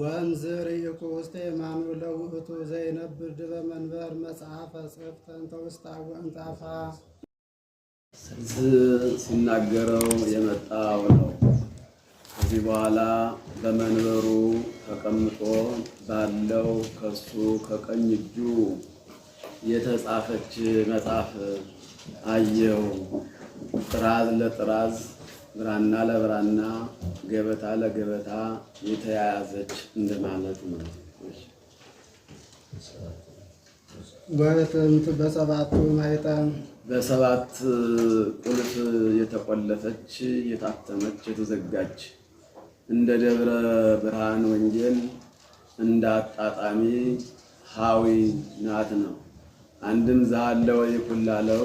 ወእምዝ ርኢኩ ውስተ የማኑ ለውእቱ ዘይነብ ድበ መንበር መጽሐፈ ጽሕፍት እንተ ውስጣ ወእንጣፋ ሲናገረው የመጣው ነው። ከዚህ በኋላ በመንበሩ ተቀምጦ ባለው ከሱ ከቀኝ እጁ የተጻፈች መጽሐፍ አየው። ጥራዝ ለጥራዝ ብራና ለብራና ገበታ ለገበታ የተያያዘች እንደማለት ነው። በሰባቱ ማኅተም በሰባት ቁልፍ የተቆለፈች የታተመች የተዘጋች እንደ ደብረ ብርሃን ወንጌል እንደ አጣጣሚ ሀዊ ናት ነው። አንድም ዛለው ይኩላለው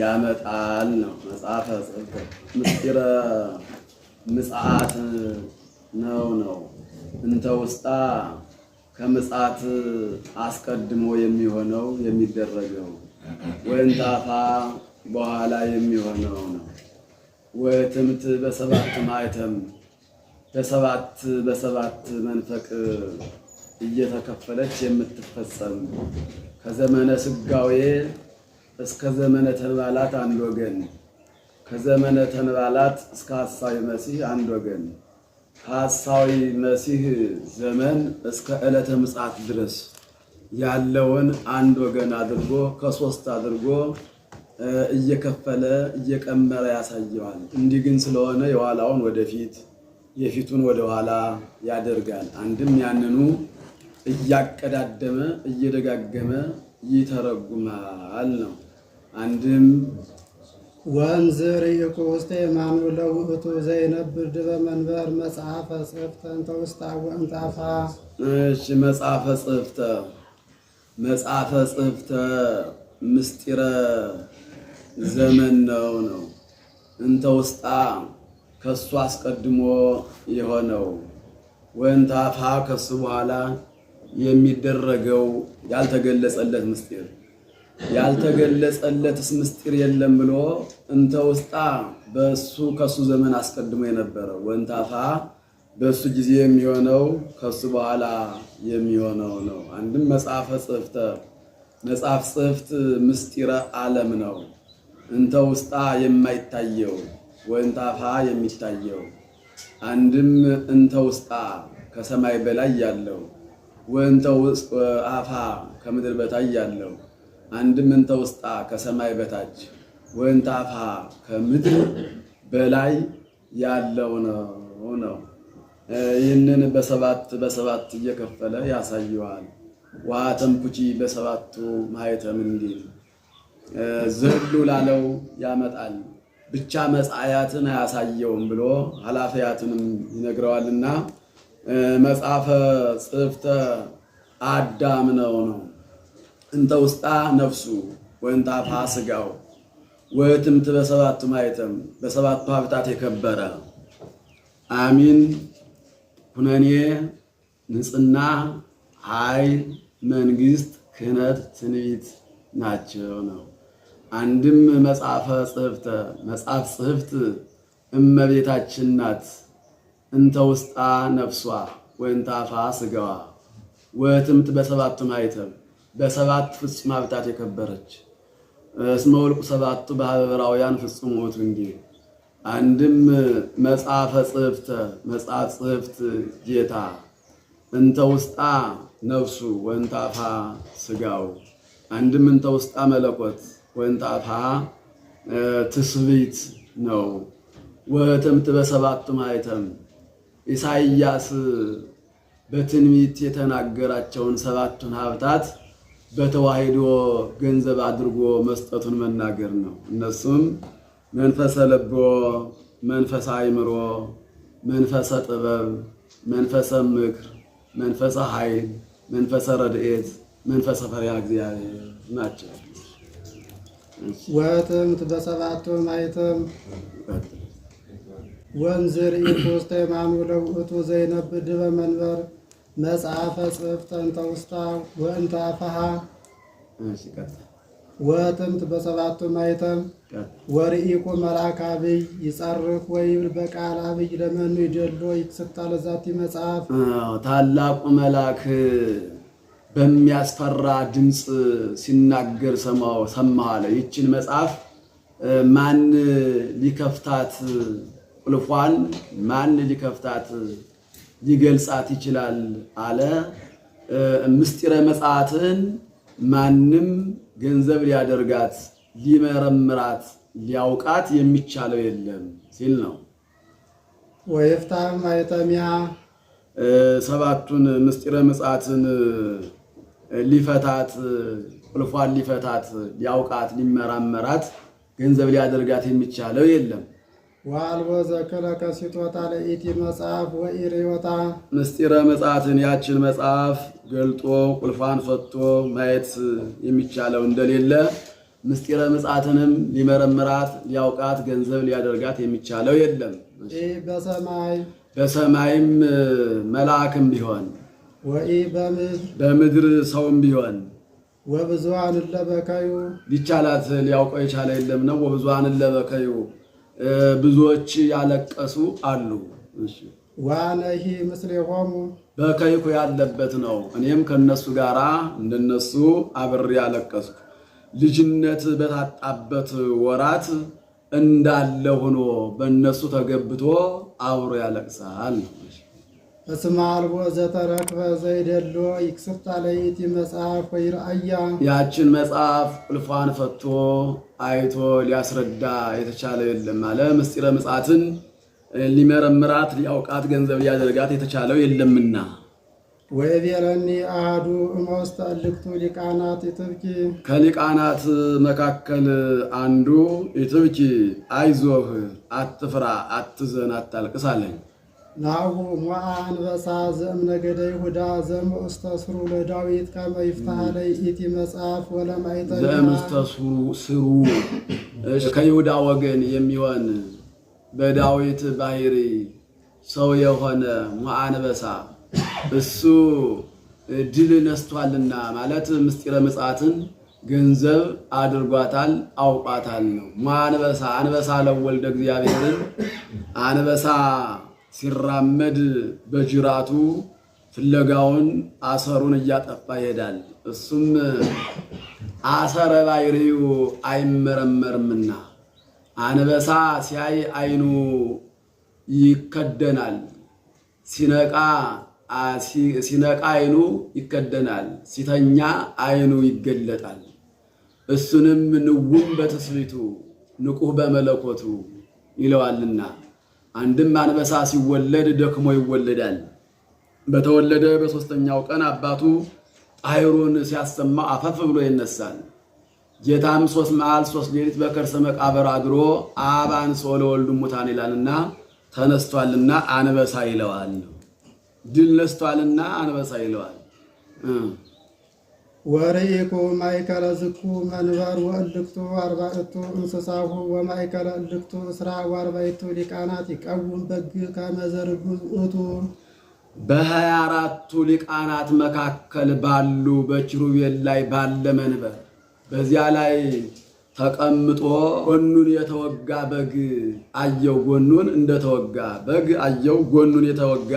ያመጣል ነው መጽሐፈ ጽብሐት ምስጢረ ምጽአት ነው ነው እንተ ውስጣ ከምጽአት አስቀድሞ የሚሆነው የሚደረገው ወእንታፋ በኋላ የሚሆነው ነው። ወትምት በሰባት ማይተም በሰባት በሰባት መንፈቅ እየተከፈለች የምትፈጸም ከዘመነ ስጋዌ እስከ ዘመነ ተባላት አንድ ወገን ከዘመነ ተንባላት እስከ ሐሳዊ መሲህ አንድ ወገን ከሐሳዊ መሲህ ዘመን እስከ ዕለተ ምጽአት ድረስ ያለውን አንድ ወገን አድርጎ ከሶስት አድርጎ እየከፈለ እየቀመረ ያሳየዋል። እንዲህ ግን ስለሆነ የኋላውን ወደፊት የፊቱን ወደኋላ ያደርጋል። አንድም ያንኑ እያቀዳደመ እየደጋገመ ይተረጉማል ነው። አንድም ወንዝር ይቁ ውስተ የማኑ ለውእቱ ዘይነብር ድበ መንበር መጽሐፈ ጽፍተ እንተ ውስተ ወእንጣፋ። እሺ መጽሐፈ ጽፍተ መጽሐፈ ጽፍተ ምስጢረ ዘመን ነው ነው እንተ ውስጣ ከሱ አስቀድሞ የሆነው ወንታፋ ከሱ በኋላ የሚደረገው ያልተገለጸለት ምስጢር ያልተገለጸለትስ ምስጢር የለም ብሎ እንተ ውስጣ በሱ ከሱ ዘመን አስቀድሞ የነበረው ወንታፋ በሱ ጊዜ የሚሆነው ከሱ በኋላ የሚሆነው ነው። አንድም መጽሐፈ ጽፍተ መጽሐፍ ጽፍት ምስጢረ ዓለም ነው። እንተ ውስጣ የማይታየው ወንታፋ የሚታየው አንድም እንተ ውስጣ ከሰማይ በላይ ያለው ወእንተ አፋ ከምድር በታች ያለው አንድም እንተ ውስጣ ከሰማይ በታች ወንጣፋ ከምድር በላይ ያለው ነው ነው ይህንን በሰባት በሰባት እየከፈለ ያሳየዋል። ውሃ ተንፑቺ በሰባቱ ማየተም እንዲል ዝህሉ ላለው ያመጣል ብቻ መጽሐያትን አያሳየውም ብሎ ኃላፊያትንም ይነግረዋልና መጽሐፈ ጽፍተ አዳም ነው ነው እንተ ውስጣ ነፍሱ ወእንታፋ ስጋው ወትምት በሰባቱ ማይተም በሰባቱ ሀብታት የከበረ አሚን ሁነኔ ንጽና ኃይል መንግስት ክህነት ትንቢት ናቸው ነው። አንድም መጽሐፈ ጽሕፍተ መጽሐፍ ጽህፍት እመቤታችን ናት። እንተ ውስጣ ነፍሷ ወእንተ አፋ ስጋዋ ወትምት በሰባቱ ማይተም በሰባት ፍጹም ሀብታት የከበረች እስመ ወልቁ ሰባቱ በሀበራውያን ፍጹም ውእቱ እንጂ አንድም መጽሐፈ ጽሕፍተ መጽሐፍ ጽሕፍት ጌታ እንተ ውስጣ ነፍሱ ወንታፋ ስጋው አንድም እንተ ውስጣ መለኮት ወንታፋ ትስብእት ነው። ወተምት በሰባቱ ማኅተም ኢሳይያስ በትንቢት የተናገራቸውን ሰባቱን ሀብታት በተዋህዶ ገንዘብ አድርጎ መስጠቱን መናገር ነው። እነሱም መንፈሰ ልቦ፣ መንፈሰ አይምሮ መንፈሰ ጥበብ፣ መንፈሰ ምክር፣ መንፈሰ ኃይል፣ መንፈሰ ረድኤት፣ መንፈሰ ፈሪሃ እግዚአብሔር ናቸው። ወትምት በሰባቱ ማይተም ወንዝር ኢኮስተ ለውእቱ ዘይነብድ በመንበር መጽሐፈ ጽሕፍት እንተ ውስጣ ወእንተ አፋሃ ወጥምት በሰባቱ ማይተም ወርኢኩ መልአክ አብይ ይጻርፍ ወይ በቃል አብይ ለመኑ ይደሎ ይክስታ ለዛቲ መጽሐፍ ታላቁ መልአክ በሚያስፈራ ድምፅ ሲናገር ሰማሁ አለ። ይችን መጽሐፍ ማን ሊከፍታት ቁልፏን ማን ሊከፍታት ሊገልጻት ይችላል አለ። ምስጢረ መጽሐትን ማንም ገንዘብ ሊያደርጋት ሊመረምራት ሊያውቃት የሚቻለው የለም ሲል ነው። ወይፍታህ ማኅተሚሃ ሰባቱን ምስጢረ መጽሐትን ሊፈታት ቁልፏን ሊፈታት ሊያውቃት ሊመራመራት ገንዘብ ሊያደርጋት የሚቻለው የለም። ዋልቦ ዘከለ ከሲጦታ ለኢቲ መጽሐፍ ወኢርዮታ ምስጢረ መጽሐፍን ያችን መጽሐፍ ገልጦ ቁልፏን ፈቶ ማየት የሚቻለው እንደሌለ ምስጢረ ምጽአትንም ሊመረምራት ሊያውቃት ገንዘብ ሊያደርጋት የሚቻለው የለም። በሰማይ በሰማይም መልአክም ቢሆን ወይ በምድር ሰውም ቢሆን ወብዙሃን ለበከዩ ሊቻላት ሊያውቀው የቻለ የለም ነው። ወብዙሃን ለበከዩ ብዙዎች ያለቀሱ አሉ። ዋለሂ ምስሌ በከይኩ ያለበት ነው። እኔም ከነሱ ጋራ እንደነሱ አብሬ ያለቀስኩ ልጅነት በታጣበት ወራት እንዳለ ሆኖ በእነሱ ተገብቶ አብሮ ያለቅሳል። እስመ አልቦ ዘተረክበ ዘይደሎ ይክስፍታ ለይቲ መጽሐፍ ወይርአያ። ያችን መጽሐፍ ቁልፏን ፈቶ አይቶ ሊያስረዳ የተቻለ የለም አለ። ምስጢረ ምጽአትን ሊመረምራት ሊያውቃት ገንዘብ ሊያደርጋት የተቻለው የለምና። ወይቤረኒ አህዱ እምውስተ እልክቱ ሊቃናት ኢትብኪ፣ ከሊቃናት መካከል አንዱ ኢትብኪ፣ አይዞህ፣ አትፍራ፣ አትዘን፣ አታልቅስ አለኝ ናሁ ሞአ አንበሳ ዘእምነገደ ይሁዳ ዘእምስተስሩ ለዳዊት ከመ ይፍታሐ ለይእቲ መጽሐፍ ወለማይተ ዘእምስተስሩ ስሩ ከይሁዳ ወገን የሚሆን በዳዊት ባህሪ ሰው የሆነ ሞአ አንበሳ እሱ ድል ነስቷልና ማለት ምስጢረ ምጽአትን ገንዘብ አድርጓታል፣ አውቋታል ነው። ሞአ አንበሳ አንበሳ ለወልደ እግዚአብሔርን አንበሳ ሲራመድ በጅራቱ ፍለጋውን አሰሩን እያጠፋ ይሄዳል። እሱም አሰረ ባሕርዩ አይመረመርምና አንበሳ ሲያይ አይኑ ይከደናል። ሲነቃ ሲነቃ አይኑ ይከደናል፣ ሲተኛ አይኑ ይገለጣል። እሱንም ንውም በትስብእቱ ንቁህ በመለኮቱ ይለዋልና አንድም አንበሳ ሲወለድ ደክሞ ይወለዳል። በተወለደ በሦስተኛው ቀን አባቱ አይሩን ሲያሰማ አፈፍ ብሎ ይነሳል። ጌታም ሶስት መዓል ሶስት ሌሊት በከርሰ መቃብር አድሮ አብ አንሥኦ ለወልዱ ሙታን ይላልና ተነስቷልና አንበሳ ይለዋል። ድል ነስቷልና አንበሳ ይለዋል። ወርኢኩ ማእከለ ዝኩ መንበር ወእልክቱ አርባዕቱ እንስሳሁ ወማእከለ እልክቱ እስራ ወአርባዕቱ ሊቃናት ይቀውም በግ ከመ ዘርጉም ውእቱ። በሀያ አራቱ ሊቃናት መካከል ባሉ በኪሩቤል ላይ ባለ መንበር በዚያ ላይ ተቀምጦ ጎኑን የተወጋ በግ አየው። ጎኑን እንደተወጋ በግ አየው። ጎኑን የተወጋ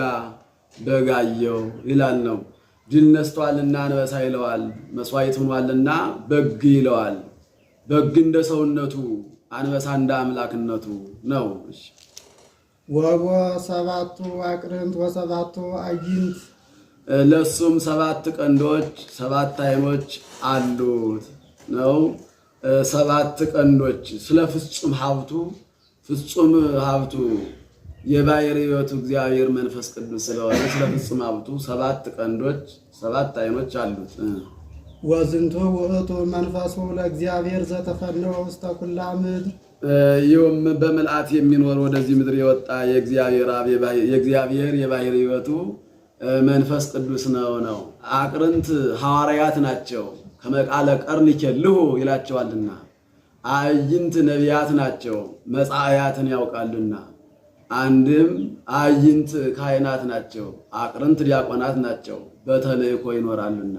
በግ አየው ይላል ነው ድል ነስቷልና አንበሳ ይለዋል፣ መስዋዕት ሆኗልና በግ ይለዋል። በግ እንደ ሰውነቱ፣ አንበሳ እንደ አምላክነቱ ነው። ወቦ ሰባቱ አቅርንት ወሰባቱ አዕይንት፣ ለሱም ሰባት ቀንዶች ሰባት አይኖች አሉት ነው። ሰባት ቀንዶች ስለ ፍጹም ሀብቱ ፍጹም ሀብቱ የባሕርይ ሕይወቱ እግዚአብሔር መንፈስ ቅዱስ ስለሆነ ስለ ፍጹም ሀብቱ ሰባት ቀንዶች ሰባት አይኖች አሉት። ወዝንቱ ውእቱ መንፈሱ ለእግዚአብሔር ዘተፈነወ ውስተ ኩላ ምድር ይህም በምልአት የሚኖር ወደዚህ ምድር የወጣ የእግዚአብሔር አብ የእግዚአብሔር የባሕርይ ሕይወቱ መንፈስ ቅዱስ ነው ነው አቅርንት ሐዋርያት ናቸው። ከመቃለ ቀርን ይኬልሁ ይላቸዋልና አዕይንት ነቢያት ናቸው መጻእያትን ያውቃሉና አንድም አይንት ካህናት ናቸው፣ አቅርንት ዲያቆናት ናቸው በተለይኮ ይኖራሉና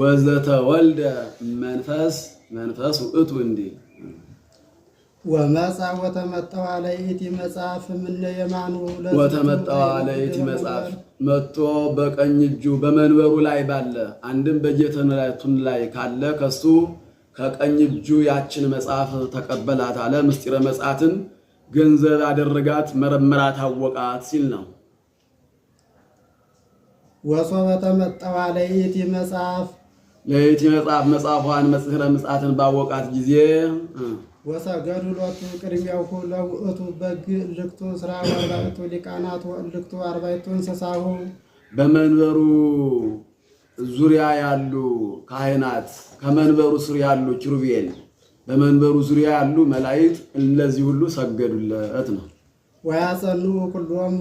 ወዘተ ወልደ መንፈስ መንፈስ ውእቱ እንዲል ወመጻ ወተመጣው አለይቲ መጽሐፍ ወተመጣው አለይቲ መጽሐፍ መጥቶ በቀኝ እጁ በመንበሩ ላይ ባለ አንድም በጌትነቱን ላይ ካለ ከሱ ከቀኝ እጁ ያችን መጽሐፍ ተቀበላት አለ ምስጢረ መጽሐፍን ገንዘብ አደረጋት፣ መረመራት፣ አወቃት ሲል ነው። ወሶበ ተመጠዋ ለይቲ መጽሐፍ ለይቲ መጽሐፍ መጽሐፏን መጽሕረ ምጽአትን ባወቃት ጊዜ ወሰገዱ ሎቱ ቅድሚያሁ ለውእቱ በግ እልክቱ ስራ ወአርባዕቱ ሊቃናት ወእልክቱ አርባዕቱ እንስሳሁ በመንበሩ ዙሪያ ያሉ ካህናት ከመንበሩ ስር ያሉ ኪሩቤል በመንበሩ ዙሪያ ያሉ መላእክት እነዚህ ሁሉ ሰገዱለት ነው። ወያጸኑ ኩሎሙ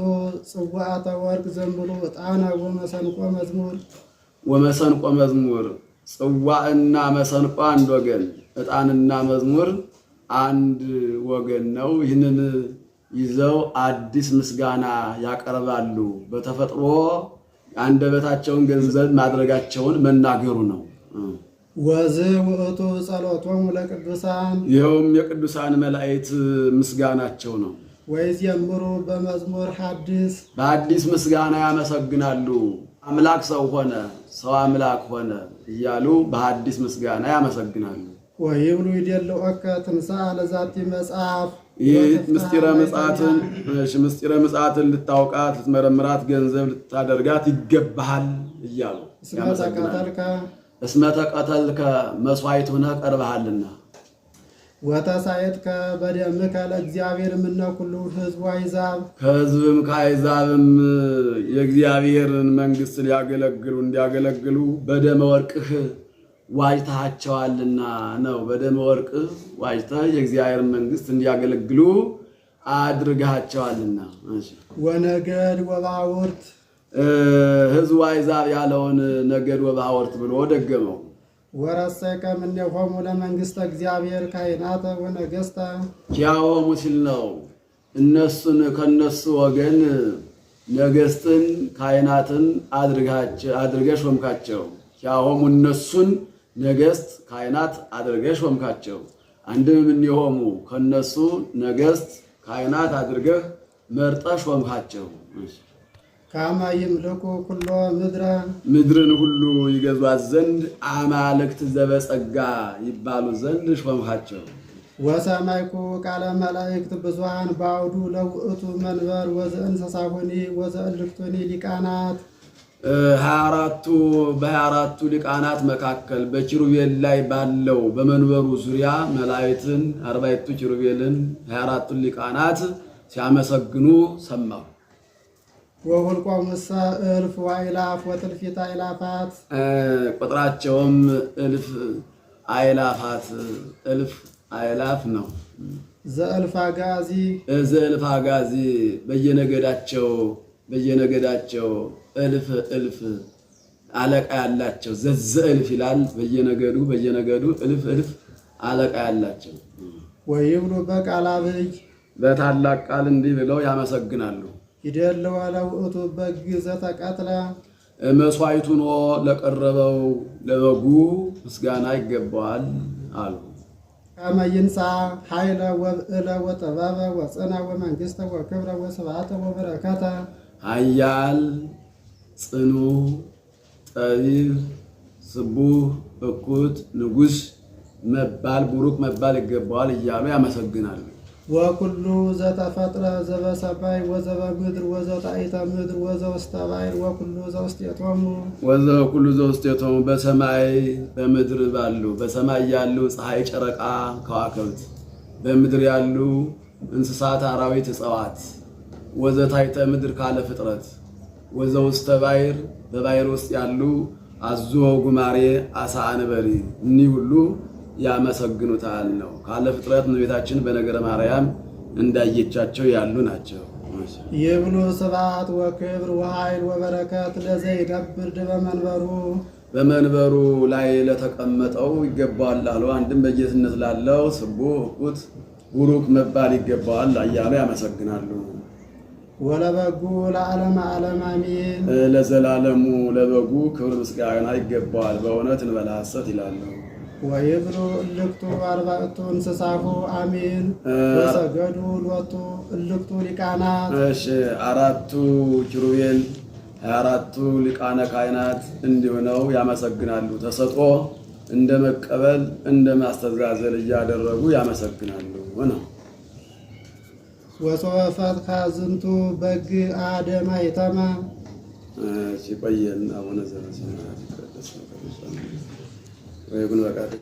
ጽዋዕተ ወርቅ ዘምሩ ዕጣነ ወመሰንቆ መዝሙር ወመሰንቆ መዝሙር ጽዋዕና መሰንቆ አንድ ወገን፣ ዕጣንና መዝሙር አንድ ወገን ነው። ይህንን ይዘው አዲስ ምስጋና ያቀርባሉ። በተፈጥሮ አንደበታቸውን ገንዘብ ማድረጋቸውን መናገሩ ነው። ወዝ ጸሎቶሙ ለቅዱሳን ይኸውም የቅዱሳን መላእክት ምስጋናቸው ነው። ወይዜምሩ በመዝሙር ሐዲስ በአዲስ ምስጋና ያመሰግናሉ። አምላክ ሰው ሆነ፣ ሰው አምላክ ሆነ እያሉ በአዲስ ምስጋና ያመሰግናሉ። ወይብሉ ይደልወከ ትንሣኤ ለዛቲ መጽሐፍ ይህ ምስጢረ ምጽአትን ምስጢረ ምጽአትን ልታውቃት ልትመረምራት ገንዘብ ልታደርጋት ይገባሃል እያሉ ያመሰግናሉ። እስመተ ቀተልከ መስዋዕት ሆነ ቀርበሃልና ወተሳየትከ በደምከ ለእግዚአብሔር እምነ ኩሉ ህዝብ አሕዛብ ከህዝብም ከአሕዛብም የእግዚአብሔርን መንግሥት ሊያገለግሉ እንዲያገለግሉ በደመ ወርቅህ ዋጅተሃቸዋልና ነው። በደመ ወርቅህ ዋጅተህ የእግዚአብሔርን መንግሥት እንዲያገለግሉ አድርገሃቸዋልና ወነገድ ወባውርት ህዝቡ አይዛብ ያለውን ነገድ ወባወርት ብሎ ደገመው። ወረሰከ እምኔሆሙ ለመንግሥተ እግዚአብሔር ካህናተ ወነገሥተ ኪያሆሙ ሲል ነው። እነሱን ከነሱ ወገን ነገሥትን ካህናትን አድርገህ ሾምካቸው። ኪያሆሙ እነሱን ነገሥት ካህናት አድርገህ ሾምካቸው። አንድም እምኔሆሙ ከነሱ ነገሥት ካህናት አድርገህ መርጠህ ሾምካቸው። ከአማ ይምልኩ ኩሎ ምድረ ምድርን ሁሉ ይገዟት ዘንድ አማልክት ዘበጸጋ ይባሉ ዘንድ ሾምሃቸው። ወሰማይኩ ቃለ መላእክት ብዙሃን በአውዱ ለውእቱ መንበር ወዘእንሰሳሁኒ ወዘእልክቶኒ ሊቃናት ሀያ አራቱ በሀያ አራቱ ሊቃናት መካከል በኪሩቤል ላይ ባለው በመንበሩ ዙሪያ መላእክትን አርባይቱ ኪሩቤልን ሀያ አራቱን ሊቃናት ሲያመሰግኑ ሰማሁ። ወሁልቆ ሙሰ እልፍ ዋይላፍ ወጥልፊት አይላፋት ቁጥራቸውም እልፍ አይላፋት እልፍ አይላፍ ነው። ዘእልፍ አጋዚ ዘእልፍ አጋዚ በየነገዳቸው በየነገዳቸው እልፍ እልፍ አለቃ ያላቸው ዘዘእልፍ ይላል። በየነገዱ በየነገዱ እልፍ እልፍ አለቃ ያላቸው ወይብሉ በቃል አብይ በታላቅ ቃል እንዲህ ብለው ያመሰግናሉ። ይደልዋ ለውእቱ በግ ዘተቀትላ መስዋዕቱ ኖ ለቀረበው ለበጉ ምስጋና ይገባዋል አሉ። ከመ ይንሣ ኃይለ ወብዕለ ወጥበበ ወጽና ወመንግሥተ ወክብረ ወስብሐተ ወበረከተ ኃያል ጽኑ ጠቢብ ስቡህ እኩት ንጉስ መባል ቡሩክ መባል ይገባዋል እያሉ ያመሰግናሉ። ወኩሉ ዘተፈጥረ ሰባይ ወዘበ ምድር ወዘጣይተ ምድር ወዘውስተ ባሕር ወኩሉ ዘውስጤቶሙ ወዘኩሉ ዘውስጤቶሙ በሰማይ በምድር ባሉ በሰማይ ያሉ ፀሐይ፣ ጨረቃ፣ ከዋክብት በምድር ያሉ እንስሳት፣ አራዊት፣ እጽዋት ታይተ ምድር ካለ ፍጥረት ወዘውስተ ባሕር በባሕር ውስጥ ያሉ አዞ፣ ጉማሬ፣ አሳ፣ አንበሪ እኒህ ሁሉ ያመሰግኑታል ነው። ካለ ፍጥረት እመቤታችን በነገረ ማርያም እንዳየቻቸው ያሉ ናቸው። ይብሉ ስብሐት ወክብር ወኃይል ወበረከት ለዘይነብር በመንበሩ በመንበሩ ላይ ለተቀመጠው ይገባዋል አሉ። አንድም በጌትነት ላለው ስቡ ቁት ቡሩክ መባል ይገባዋል እያሉ ያመሰግናሉ። ወለበጉ ለዓለም ዓለም አሚን። ለዘላለሙ ለበጉ ክብር ምስጋና ይገባዋል በእውነት እንበላሰት ሐሰት ይላሉ። ወይብሩ እልክቱ አርባዕቱ እንስሳሁ አሚን ወሰገዱ ሎቱ እልክቱ ሊቃናት። እሺ አራቱ ኪሩቤል አራቱ ሊቃነ ካህናት እንዲሆነው ያመሰግናሉ። ተሰጦ እንደ መቀበል እንደ ማስተዛዘል እያደረጉ ያመሰግናሉ ነው። ወሶፈት ካዝንቱ በግ አደማ የተማ ሲቆየን አቡነ ዘበሰማያት ይቀደስ వేగుల గారు